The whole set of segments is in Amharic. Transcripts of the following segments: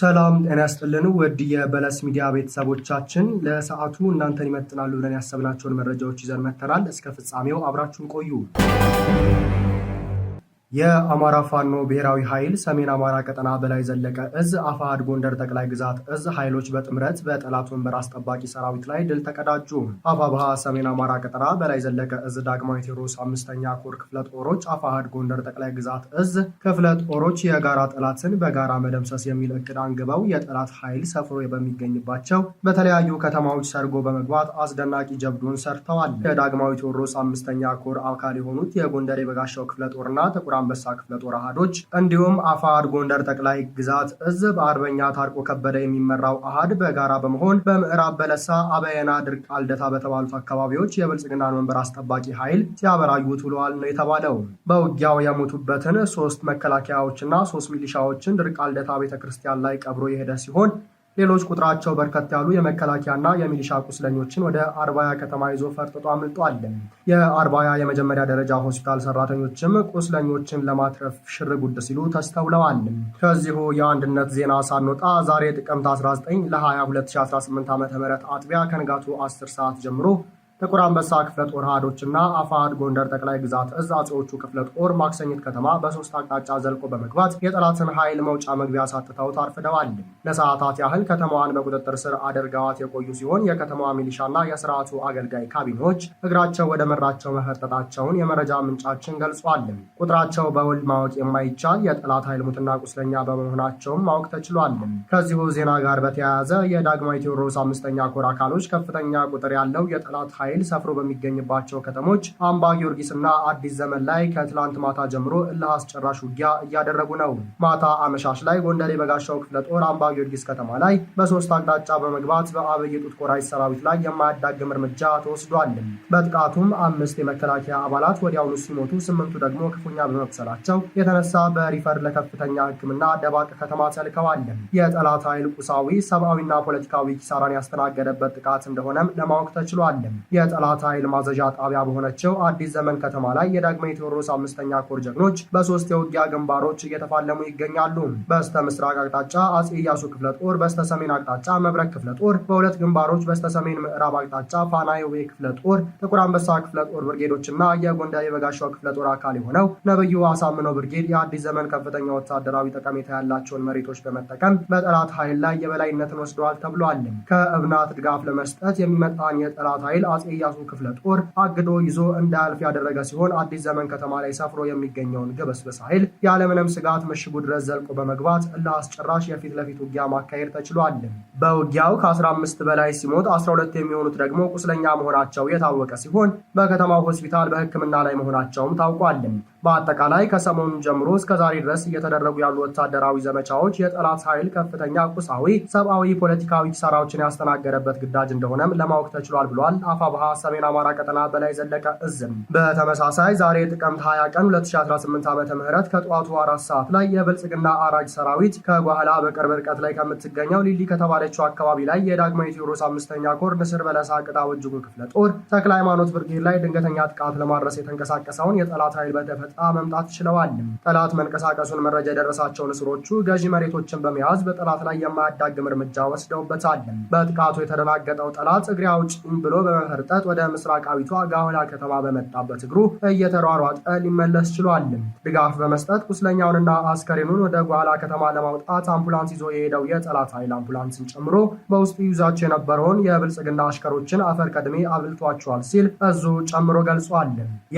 ሰላም ጤና ያስጥልን። ውድ የበለስ ሚዲያ ቤተሰቦቻችን ለሰዓቱ እናንተን ይመጥናሉ ብለን ያሰብናቸውን መረጃዎች ይዘን መተናል። እስከ ፍጻሜው አብራችሁን ቆዩ። የአማራ ፋኖ ብሔራዊ ኃይል ሰሜን አማራ ቀጠና በላይ ዘለቀ እዝ አፋሃድ ጎንደር ጠቅላይ ግዛት እዝ ኃይሎች በጥምረት በጠላት ወንበር አስጠባቂ ሰራዊት ላይ ድል ተቀዳጁ። አፋብሃ ሰሜን አማራ ቀጠና በላይ ዘለቀ እዝ ዳግማዊ ቴዎድሮስ አምስተኛ ኮር ክፍለ ጦሮች አፋሃድ ጎንደር ጠቅላይ ግዛት እዝ ክፍለ ጦሮች የጋራ ጠላትን በጋራ መደምሰስ የሚል እቅድ አንግበው የጠላት ኃይል ሰፍሮ በሚገኝባቸው በተለያዩ ከተማዎች ሰርጎ በመግባት አስደናቂ ጀብዱን ሰርተዋል። የዳግማዊ ቴዎድሮስ አምስተኛ ኮር አካል የሆኑት የጎንደር የበጋሻው ክፍለ ጦርና ጥቁር አንበሳ ክፍለ ጦር አህዶች እንዲሁም አፋር ጎንደር ጠቅላይ ግዛት እዝ በአርበኛ ታርቆ ከበደ የሚመራው አህድ በጋራ በመሆን በምዕራብ በለሳ፣ አበየና፣ ድርቅ፣ አልደታ በተባሉት አካባቢዎች የብልጽግናን ወንበር አስጠባቂ ኃይል ሲያበራዩት ውለዋል ነው የተባለው። በውጊያው የሞቱበትን ሶስት መከላከያዎችና ሶስት ሚሊሻዎችን ድርቅ አልደታ ቤተ ክርስቲያን ላይ ቀብሮ የሄደ ሲሆን ሌሎች ቁጥራቸው በርከት ያሉ የመከላከያና የሚሊሻ ቁስለኞችን ወደ አርባያ ከተማ ይዞ ፈርጥጦ አምልጧል። የአርባያ የመጀመሪያ ደረጃ ሆስፒታል ሰራተኞችም ቁስለኞችን ለማትረፍ ሽር ጉድ ሲሉ ተስተውለዋል። ከዚሁ የአንድነት ዜና ሳንወጣ ዛሬ ጥቅምት 19 ለ22 2018 ዓ ም አጥቢያ ከንጋቱ 10 ሰዓት ጀምሮ ጥቁር አንበሳ ክፍለ ጦር አሃዶች አፋሃድ ጎንደር ጠቅላይ ግዛት እዝ አጼዎቹ ክፍለ ጦር ማክሰኝት ከተማ በሶስት አቅጣጫ ዘልቆ በመግባት የጠላትን ኃይል መውጫ መግቢያ ሳጥተው ታርፍደዋል። ለሰዓታት ያህል ከተማዋን በቁጥጥር ስር አድርገዋት የቆዩ ሲሆን የከተማዋ ሚሊሻና የስርዓቱ አገልጋይ ካቢኖች እግራቸው ወደ መራቸው መፈጠጣቸውን የመረጃ ምንጫችን ገልጿል። ቁጥራቸው በውል ማወቅ የማይቻል የጠላት ኃይል ሙትና ቁስለኛ በመሆናቸውም ማወቅ ተችሏል። ከዚሁ ዜና ጋር በተያያዘ የዳግማዊ ቴዎድሮስ አምስተኛ ኮር አካሎች ከፍተኛ ቁጥር ያለው የጠላት ኃይል ሰፍሮ በሚገኝባቸው ከተሞች አምባ ጊዮርጊስና አዲስ ዘመን ላይ ከትላንት ማታ ጀምሮ እልህ አስጨራሽ ውጊያ እያደረጉ ነው። ማታ አመሻሽ ላይ ጎንደር የበጋሻው ክፍለ ጦር አምባ ጊዮርጊስ ከተማ ላይ በሶስት አቅጣጫ በመግባት በአብይ ጡት ቆራጭ ሰራዊት ላይ የማያዳግም እርምጃ ተወስዷል። በጥቃቱም አምስት የመከላከያ አባላት ወዲያውኑ ሲሞቱ፣ ስምንቱ ደግሞ ክፉኛ በመብሰላቸው የተነሳ በሪፈር ለከፍተኛ ሕክምና ደባቅ ከተማ ተልከዋል። የጠላት ኃይል ቁሳዊ ሰብአዊና ፖለቲካዊ ኪሳራን ያስተናገደበት ጥቃት እንደሆነም ለማወቅ ተችሏል። የጠላት ኃይል ማዘዣ ጣቢያ በሆነችው አዲስ ዘመን ከተማ ላይ የዳግመ ቴዎድሮስ አምስተኛ ኮር ጀግኖች በሶስት የውጊያ ግንባሮች እየተፋለሙ ይገኛሉ። በስተ ምስራቅ አቅጣጫ አጼ ኢያሱ ክፍለ ጦር፣ በስተ ሰሜን አቅጣጫ መብረቅ ክፍለ ጦር በሁለት ግንባሮች በስተ ሰሜን ምዕራብ አቅጣጫ ፋና ክፍለ ጦር፣ ጥቁር አንበሳ ክፍለ ጦር ብርጌዶችና የጎንደር የበጋሻው ክፍለ ጦር አካል የሆነው ነብዩ አሳምነው ብርጌድ የአዲስ ዘመን ከፍተኛ ወታደራዊ ጠቀሜታ ያላቸውን መሬቶች በመጠቀም በጠላት ኃይል ላይ የበላይነትን ወስደዋል ተብሏል። ከእብናት ድጋፍ ለመስጠት የሚመጣን የጠላት ኃይል አጼ ኢያሱ ክፍለ ጦር አግዶ ይዞ እንዳያልፍ ያደረገ ሲሆን አዲስ ዘመን ከተማ ላይ ሰፍሮ የሚገኘውን ግብስብስ ኃይል ያለምንም ስጋት ምሽጉ ድረስ ዘልቆ በመግባት ለአስጨራሽ የፊት ለፊት ውጊያ ማካሄድ ተችሏል። በውጊያው ከ15 በላይ ሲሞት 12 የሚሆኑት ደግሞ ቁስለኛ መሆናቸው የታወቀ ሲሆን በከተማው ሆስፒታል በሕክምና ላይ መሆናቸውም ታውቋል። በአጠቃላይ ከሰሞኑ ጀምሮ እስከ ዛሬ ድረስ እየተደረጉ ያሉ ወታደራዊ ዘመቻዎች የጠላት ኃይል ከፍተኛ ቁሳዊ፣ ሰብአዊ፣ ፖለቲካዊ ኪሳራዎችን ያስተናገረበት ግዳጅ እንደሆነም ለማወቅ ተችሏል ብሏል አፋብሃ ሰሜን አማራ ቀጠና በላይ ዘለቀ እዝም። በተመሳሳይ ዛሬ ጥቅምት 20 ቀን 2018 ዓ ም ከጠዋቱ አራት ሰዓት ላይ የብልጽግና አራጅ ሰራዊት ከጓህላ በቅርብ ርቀት ላይ ከምትገኘው ሊሊ ከተባለችው አካባቢ ላይ የዳግማዊ ቴዎድሮስ አምስተኛ ኮር ንስር በለሳ ቅጣ ወጅጉ ክፍለ ጦር ተክለ ሃይማኖት ብርጌድ ላይ ድንገተኛ ጥቃት ለማድረስ የተንቀሳቀሰውን የጠላት ኃይል በደፈጥ ነፃ መምጣት ችለዋል። ጠላት መንቀሳቀሱን መረጃ የደረሳቸውን እስሮቹ ገዢ መሬቶችን በመያዝ በጠላት ላይ የማያዳግም እርምጃ ወስደውበታል። በጥቃቱ የተደናገጠው ጠላት እግሬ አውጭኝ ብሎ በመፈርጠጥ ወደ ምስራቃዊቷ ጋሁላ ከተማ በመጣበት እግሩ እየተሯሯጠ ሊመለስ ችሏል። ድጋፍ በመስጠት ቁስለኛውንና አስከሬኑን ወደ ጓላ ከተማ ለማውጣት አምቡላንስ ይዞ የሄደው የጠላት ኃይል አምቡላንስን ጨምሮ በውስጡ ይዛቸው የነበረውን የብልጽግና አሽከሮችን አፈር ቀድሜ አብልቷቸዋል ሲል እዙ ጨምሮ ገልጿል።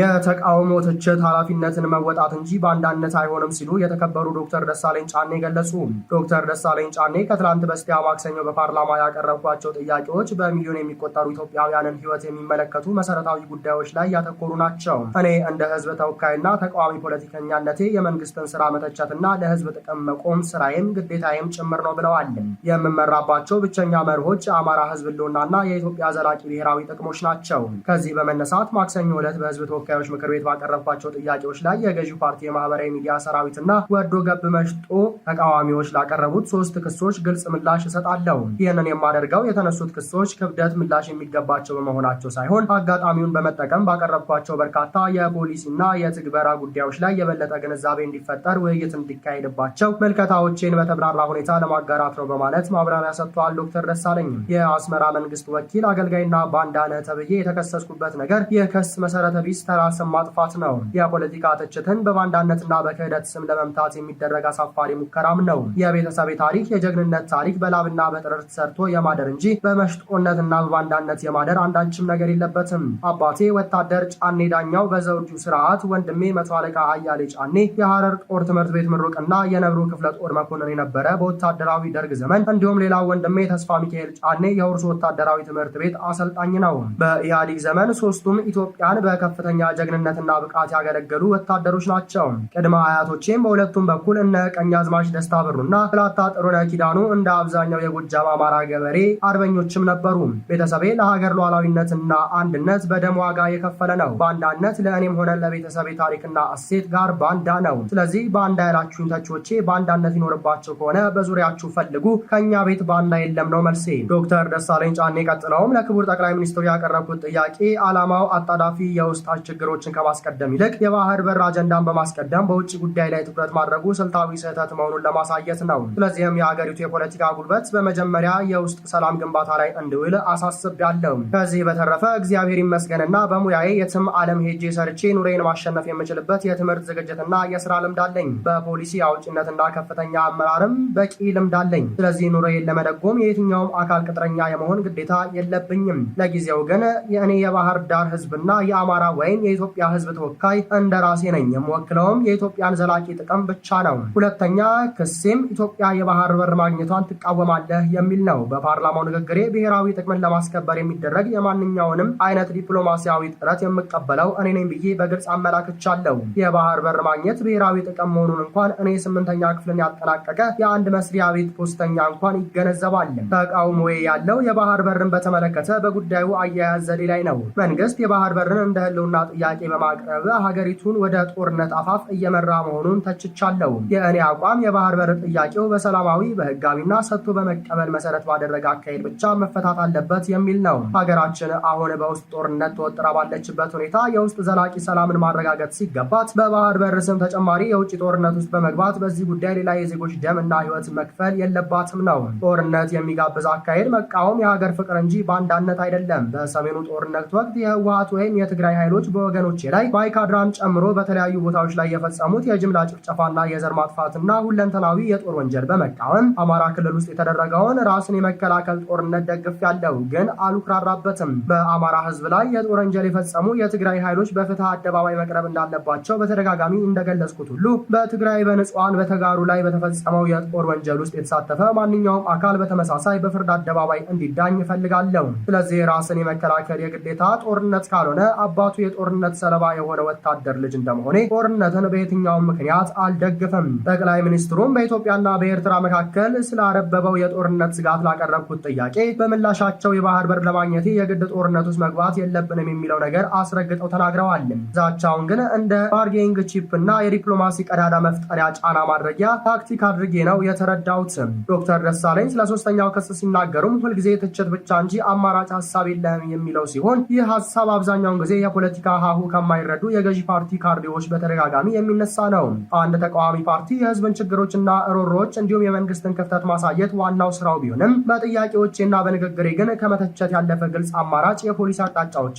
የተቃውሞ ትችት ኃላፊነት ኃላፊነትን መወጣት እንጂ በአንዳነት አይሆንም ሲሉ የተከበሩ ዶክተር ደሳለኝ ጫኔ ገለጹ። ዶክተር ደሳለኝ ጫኔ ከትላንት በስቲያ ማክሰኞ በፓርላማ ያቀረብኳቸው ጥያቄዎች በሚሊዮን የሚቆጠሩ ኢትዮጵያውያንን ሕይወት የሚመለከቱ መሰረታዊ ጉዳዮች ላይ ያተኮሩ ናቸው። እኔ እንደ ህዝብ ተወካይና ተቃዋሚ ፖለቲከኛነቴ የመንግስትን ስራ መተቸትና ለህዝብ ጥቅም መቆም ስራዬም ግዴታዬም ጭምር ነው ብለዋል። የምመራባቸው ብቸኛ መርሆች የአማራ ህዝብ ህልውናና የኢትዮጵያ ዘላቂ ብሔራዊ ጥቅሞች ናቸው። ከዚህ በመነሳት ማክሰኞ ዕለት በህዝብ ተወካዮች ምክር ቤት ባቀረብኳቸው ጥያቄ ጥያቄዎች ላይ የገዢ ፓርቲ የማህበራዊ ሚዲያ ሰራዊትና ወዶ ገብ መሽጦ ተቃዋሚዎች ላቀረቡት ሶስት ክሶች ግልጽ ምላሽ እሰጣለሁ። ይህንን የማደርገው የተነሱት ክሶች ክብደት ምላሽ የሚገባቸው በመሆናቸው ሳይሆን አጋጣሚውን በመጠቀም ባቀረብኳቸው በርካታ የፖሊሲና የትግበራ ጉዳዮች ላይ የበለጠ ግንዛቤ እንዲፈጠር ውይይት እንዲካሄድባቸው ምልከታዎቼን በተብራራ ሁኔታ ለማጋራት ነው በማለት ማብራሪያ ሰጥተዋል። ዶክተር ደሳለኝ የአስመራ መንግስት ወኪል አገልጋይና ባንዳነ ተብዬ የተከሰስኩበት ነገር የክስ መሰረተ ቢስ ተራስን ማጥፋት ነው የፖለቲ የፖለቲካ ትችትን በባንዳነትና በክህደት ስም ለመምታት የሚደረግ አሳፋሪ ሙከራም ነው። የቤተሰብ ታሪክ የጀግንነት ታሪክ በላብና በጥረት ሰርቶ የማደር እንጂ በመሽጦነትና በባንዳነት የማደር አንዳችም ነገር የለበትም። አባቴ ወታደር ጫኔ ዳኛው በዘውጁ ስርዓት፣ ወንድሜ መቶ አለቃ አያሌ ጫኔ የሐረር ጦር ትምህርት ቤት ምሩቅና የነብሩ ክፍለ ጦር መኮንን የነበረ በወታደራዊ ደርግ ዘመን፣ እንዲሁም ሌላ ወንድሜ ተስፋ ሚካኤል ጫኔ የሁርሶ ወታደራዊ ትምህርት ቤት አሰልጣኝ ነው። በኢህአዲግ ዘመን ሶስቱም ኢትዮጵያን በከፍተኛ ጀግንነትና ብቃት ያገለገሉ ወታደሮች ናቸው። ቅድመ አያቶቼም በሁለቱም በኩል እነ ቀኛዝማች ደስታ ብሩና ስላታ ጥሩነህ ኪዳኑ እንደ አብዛኛው የጎጃም አማራ ገበሬ አርበኞችም ነበሩ። ቤተሰቤ ለሀገር ሉዓላዊነትና አንድነት በደም ዋጋ የከፈለ ነው። ባንዳነት ለእኔም ሆነ ለቤተሰቤ ታሪክና እሴት ጋር ባንዳ ነው። ስለዚህ ባንዳ ያላችሁኝ ተቺዎቼ ባንዳነት ይኖርባቸው ከሆነ በዙሪያችሁ ፈልጉ፣ ከእኛ ቤት ባንዳ የለም ነው መልሴ። ዶክተር ደሳለኝ ጫኔ ቀጥለውም ለክቡር ጠቅላይ ሚኒስትሩ ያቀረብኩት ጥያቄ ዓላማው አጣዳፊ የውስጣች ችግሮችን ከማስቀደም ይልቅ የባህር የባህር በር አጀንዳን በማስቀደም በውጭ ጉዳይ ላይ ትኩረት ማድረጉ ስልታዊ ስህተት መሆኑን ለማሳየት ነው። ስለዚህም የሀገሪቱ የፖለቲካ ጉልበት በመጀመሪያ የውስጥ ሰላም ግንባታ ላይ እንዲውል አሳስቤያለሁ። ከዚህ በተረፈ እግዚአብሔር ይመስገንና በሙያዬ የትም ዓለም ሄጄ ሰርቼ ኑሬን ማሸነፍ የምችልበት የትምህርት ዝግጅትና የስራ ልምድ አለኝ። በፖሊሲ አውጭነትና ከፍተኛ አመራርም በቂ ልምድ አለኝ። ስለዚህ ኑሬን ለመደጎም የየትኛውም አካል ቅጥረኛ የመሆን ግዴታ የለብኝም። ለጊዜው ግን የእኔ የባህር ዳር ህዝብና የአማራ ወይም የኢትዮጵያ ህዝብ ተወካይ እንደራ ራሴ ነኝ የምወክለውም የኢትዮጵያን ዘላቂ ጥቅም ብቻ ነው። ሁለተኛ ክሴም ኢትዮጵያ የባህር በር ማግኘቷን ትቃወማለህ የሚል ነው። በፓርላማው ንግግሬ ብሔራዊ ጥቅምን ለማስከበር የሚደረግ የማንኛውንም አይነት ዲፕሎማሲያዊ ጥረት የምቀበለው እኔ ነኝ ብዬ በግልጽ አመላክቻለሁ። የባህር በር ማግኘት ብሔራዊ ጥቅም መሆኑን እንኳን እኔ ስምንተኛ ክፍልን ያጠናቀቀ የአንድ መስሪያ ቤት ፖስተኛ እንኳን ይገነዘባል። ተቃውሞ ያለው የባህር በርን በተመለከተ በጉዳዩ አያያዝ ዘዴ ላይ ነው። መንግስት የባህር በርን እንደ ህልውና ጥያቄ በማቅረብ ሀገሪቱን ወደ ጦርነት አፋፍ እየመራ መሆኑን ተችቻለሁ። የእኔ አቋም የባህር በር ጥያቄው በሰላማዊ በህጋዊና ሰጥቶ በመቀበል መሰረት ባደረገ አካሄድ ብቻ መፈታት አለበት የሚል ነው። ሀገራችን አሁን በውስጥ ጦርነት ተወጥራ ባለችበት ሁኔታ የውስጥ ዘላቂ ሰላምን ማረጋገጥ ሲገባት በባህር በር ስም ተጨማሪ የውጭ ጦርነት ውስጥ በመግባት በዚህ ጉዳይ ሌላ የዜጎች ደም እና ህይወት መክፈል የለባትም ነው። ጦርነት የሚጋብዝ አካሄድ መቃወም የሀገር ፍቅር እንጂ ባንዳነት አይደለም። በሰሜኑ ጦርነት ወቅት የህወሀት ወይም የትግራይ ኃይሎች በወገኖቼ ላይ ባይካድራን ጨምሮ በተለያዩ ቦታዎች ላይ የፈጸሙት የጅምላ ጭፍጨፋና የዘር ማጥፋትና ሁለንተናዊ የጦር ወንጀል በመቃወም አማራ ክልል ውስጥ የተደረገውን ራስን የመከላከል ጦርነት ደግፍ ያለው ግን አልኩራራበትም። በአማራ ህዝብ ላይ የጦር ወንጀል የፈጸሙ የትግራይ ኃይሎች በፍትህ አደባባይ መቅረብ እንዳለባቸው በተደጋጋሚ እንደገለጽኩት ሁሉ በትግራይ በንጹሐን በተጋሩ ላይ በተፈጸመው የጦር ወንጀል ውስጥ የተሳተፈ ማንኛውም አካል በተመሳሳይ በፍርድ አደባባይ እንዲዳኝ እፈልጋለሁ። ስለዚህ ራስን የመከላከል የግዴታ ጦርነት ካልሆነ አባቱ የጦርነት ሰለባ የሆነ ወታደር ልጅ እንደመሆኔ ጦርነትን በየትኛውም ምክንያት አልደግፈም። ጠቅላይ ሚኒስትሩም በኢትዮጵያና በኤርትራ መካከል ስላረበበው የጦርነት ስጋት ላቀረብኩት ጥያቄ በምላሻቸው የባህር በር ለማግኘቴ የግድ ጦርነት ውስጥ መግባት የለብንም የሚለው ነገር አስረግጠው ተናግረዋል። ዛቻውን ግን እንደ ባርጌንግ ቺፕ እና የዲፕሎማሲ ቀዳዳ መፍጠሪያ ጫና ማድረጊያ ታክቲክ አድርጌ ነው የተረዳሁት። ዶክተር ደሳለኝ ስለ ሶስተኛው ክስ ሲናገሩም ሁልጊዜ ትችት ብቻ እንጂ አማራጭ ሀሳብ የለህም የሚለው ሲሆን ይህ ሀሳብ አብዛኛውን ጊዜ የፖለቲካ ሀሁ ከማይረዱ የገዢ ፓርቲ ፒካርዲዎች በተደጋጋሚ የሚነሳ ነው። አንድ ተቃዋሚ ፓርቲ የህዝብን ችግሮችና ሮሮዎች እንዲሁም የመንግስትን ክፍተት ማሳየት ዋናው ስራው ቢሆንም በጥያቄዎቼና በንግግሬ ግን ከመተቸት ያለፈ ግልጽ አማራጭ የፖሊሲ አቅጣጫዎችን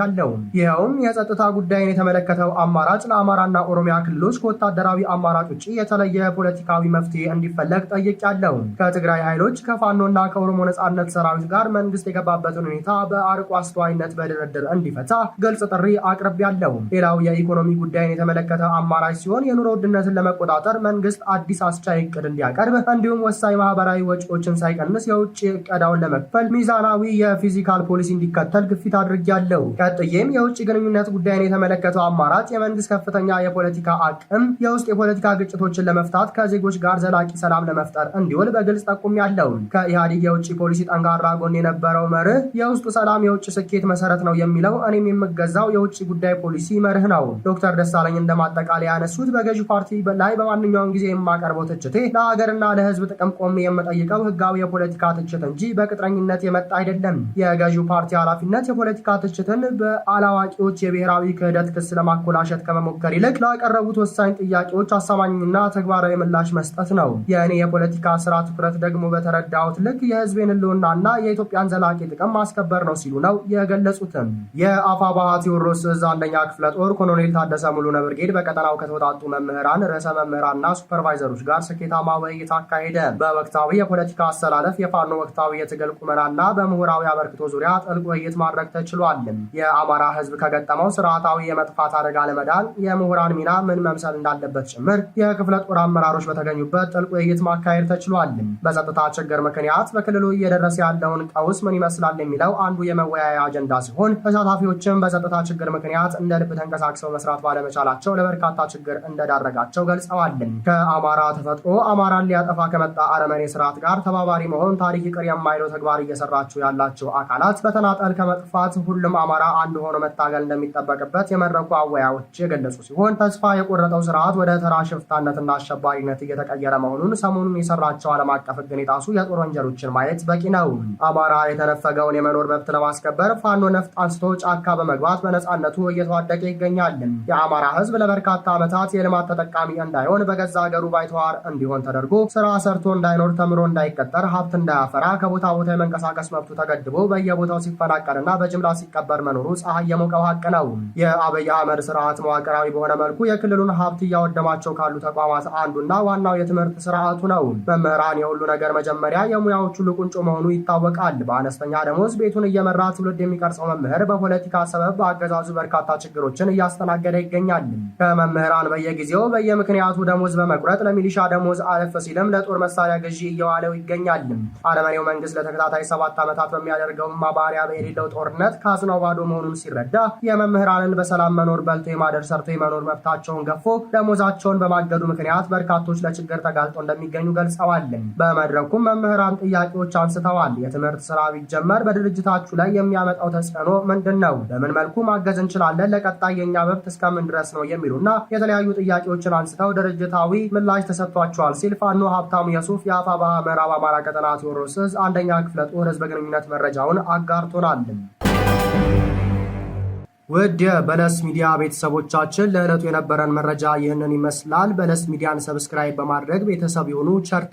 ያለው ይኸውም የጸጥታ ጉዳይን የተመለከተው አማራጭ ለአማራና ኦሮሚያ ክልሎች ከወታደራዊ አማራጭ ውጭ የተለየ ፖለቲካዊ መፍትሄ እንዲፈለግ ያለው ከትግራይ ኃይሎች ከፋኖና ከኦሮሞ ነጻነት ሰራዊት ጋር መንግስት የገባበትን ሁኔታ በአርቆ አስተዋይነት በድርድር እንዲፈታ ግልጽ ጥሪ ያለው ሌላው የኢኮኖ የኢኮኖሚ ጉዳይን የተመለከተ አማራጭ ሲሆን የኑሮ ውድነትን ለመቆጣጠር መንግስት አዲስ አስቻይ እቅድ እንዲያቀርብ እንዲሁም ወሳኝ ማህበራዊ ወጪዎችን ሳይቀንስ የውጭ እቀዳውን ለመክፈል ሚዛናዊ የፊዚካል ፖሊሲ እንዲከተል ግፊት አድርጊያለሁ። ቀጥዬም የውጭ ግንኙነት ጉዳይን የተመለከተው አማራጭ የመንግስት ከፍተኛ የፖለቲካ አቅም የውስጥ የፖለቲካ ግጭቶችን ለመፍታት ከዜጎች ጋር ዘላቂ ሰላም ለመፍጠር እንዲውል በግልጽ ጠቁሜያለሁ። ከኢህአዴግ የውጭ ፖሊሲ ጠንካራ ጎን የነበረው መርህ የውስጡ ሰላም የውጭ ስኬት መሰረት ነው የሚለው እኔም የምገዛው የውጭ ጉዳይ ፖሊሲ መርህ ነው። ዶክተር ደሳለኝ እንደማጠቃለያ ያነሱት በገዢ ፓርቲ ላይ በማንኛውም ጊዜ የማቀርበው ትችቴ ለሀገርና ለህዝብ ጥቅም ቆሜ የምጠይቀው ህጋዊ የፖለቲካ ትችት እንጂ በቅጥረኝነት የመጣ አይደለም። የገዢው ፓርቲ ኃላፊነት የፖለቲካ ትችትን በአላዋቂዎች የብሔራዊ ክህደት ክስ ለማኮላሸት ከመሞከር ይልቅ ላቀረቡት ወሳኝ ጥያቄዎች አሳማኝና ተግባራዊ ምላሽ መስጠት ነው። የእኔ የፖለቲካ ስራ ትኩረት ደግሞ በተረዳሁት ልክ የህዝቤን ህልውናና የኢትዮጵያን ዘላቂ ጥቅም ማስከበር ነው ሲሉ ነው የገለጹትም። የአፋ ቴዎድሮስ እዝ አንደኛ ክፍለ ጦር ኮሎኔል ታደሰ ሙሉነ ብርጌድ በቀጠናው ከተወጣጡ መምህራን፣ ርዕሰ መምህራንና ሱፐርቫይዘሮች ጋር ስኬታማ ውይይት አካሄደ። በወቅታዊ የፖለቲካ አሰላለፍ፣ የፋኖ ወቅታዊ የትግል ቁመናና በምሁራዊ አበርክቶ ዙሪያ ጥልቅ ውይይት ማድረግ ተችሏል። የአማራ ህዝብ ከገጠመው ስርዓታዊ የመጥፋት አደጋ ለመዳን የምሁራን ሚና ምን መምሰል እንዳለበት ጭምር የክፍለ ጦር አመራሮች በተገኙበት ጥልቅ ውይይት ማካሄድ ተችሏል። በጸጥታ ችግር ምክንያት በክልሉ እየደረሰ ያለውን ቀውስ ምን ይመስላል የሚለው አንዱ የመወያያ አጀንዳ ሲሆን ተሳታፊዎችም በጸጥታ ችግር ምክንያት እንደ ልብ ተንቀሳቅሰው መስራት መስራት ባለመቻላቸው ለበርካታ ችግር እንደዳረጋቸው ገልጸዋል። ከአማራ ተፈጥሮ አማራን ሊያጠፋ ከመጣ አረመኔ ስርዓት ጋር ተባባሪ መሆን ታሪክ ይቅር የማይለው ተግባር እየሰራችሁ ያላቸው አካላት በተናጠል ከመጥፋት ሁሉም አማራ አንድ ሆኖ መታገል እንደሚጠበቅበት የመድረኩ አወያዎች የገለጹ ሲሆን ተስፋ የቆረጠው ስርዓት ወደ ተራ ሽፍታነትና አሸባሪነት እየተቀየረ መሆኑን ሰሞኑን የሰራቸው ዓለም አቀፍ ህግን የጣሱ የጦር ወንጀሎችን ማየት በቂ ነው። አማራ የተነፈገውን የመኖር መብት ለማስከበር ፋኖ ነፍጥ አንስቶ ጫካ በመግባት በነፃነቱ እየተዋደቀ ይገኛል። የአማራ ህዝብ ለበርካታ ዓመታት የልማት ተጠቃሚ እንዳይሆን በገዛ ሀገሩ ባይተዋር እንዲሆን ተደርጎ ስራ ሰርቶ እንዳይኖር፣ ተምሮ እንዳይቀጠር፣ ሀብት እንዳያፈራ፣ ከቦታ ቦታ የመንቀሳቀስ መብቱ ተገድቦ በየቦታው ሲፈናቀልና በጅምላ ሲቀበር መኖሩ ፀሐይ የሞቀው ሀቅ ነው። የአብይ አህመድ ስርዓት መዋቅራዊ በሆነ መልኩ የክልሉን ሀብት እያወደማቸው ካሉ ተቋማት አንዱና ዋናው የትምህርት ስርዓቱ ነው። መምህራን የሁሉ ነገር መጀመሪያ የሙያዎቹ ሁሉ ቁንጮ መሆኑ ይታወቃል። በአነስተኛ ደሞዝ ቤቱን እየመራ ትውልድ የሚቀርጸው መምህር በፖለቲካ ሰበብ በአገዛዙ በርካታ ችግሮችን እያስተናገ እየተነገረ ይገኛል። ከመምህራን በየጊዜው በየምክንያቱ ደሞዝ በመቁረጥ ለሚሊሻ ደሞዝ አለፍ ሲልም ለጦር መሳሪያ ግዢ እየዋለው ይገኛል። አረመኔው መንግስት ለተከታታይ ሰባት ዓመታት በሚያደርገው ማባሪያ በሌለው ጦርነት ካዝናው ባዶ መሆኑን ሲረዳ የመምህራንን በሰላም መኖር በልቶ የማደር ሰርቶ የመኖር መብታቸውን ገፎ ደሞዛቸውን በማገዱ ምክንያት በርካቶች ለችግር ተጋልጦ እንደሚገኙ ገልጸዋል። በመድረኩም መምህራን ጥያቄዎች አንስተዋል። የትምህርት ስራ ቢጀመር በድርጅታችሁ ላይ የሚያመጣው ተጽዕኖ ምንድን ነው? በምን መልኩ ማገዝ እንችላለን? ለቀጣይ የእኛ መብት እስከምን ድረስ ነው የሚሉ እና የተለያዩ ጥያቄዎችን አንስተው ድርጅታዊ ምላሽ ተሰጥቷቸዋል ሲል ፋኖ ሀብታሙ የሱፍ የአፋባሃ ምዕራብ አማራ ቀጠና ቴዎድሮስ አንደኛ ክፍለ ጦር ህዝብ ግንኙነት መረጃውን አጋርቶናል። ውድ የበለስ ሚዲያ ቤተሰቦቻችን ለዕለቱ የነበረን መረጃ ይህንን ይመስላል። በለስ ሚዲያን ሰብስክራይብ በማድረግ ቤተሰብ የሆኑ ቸር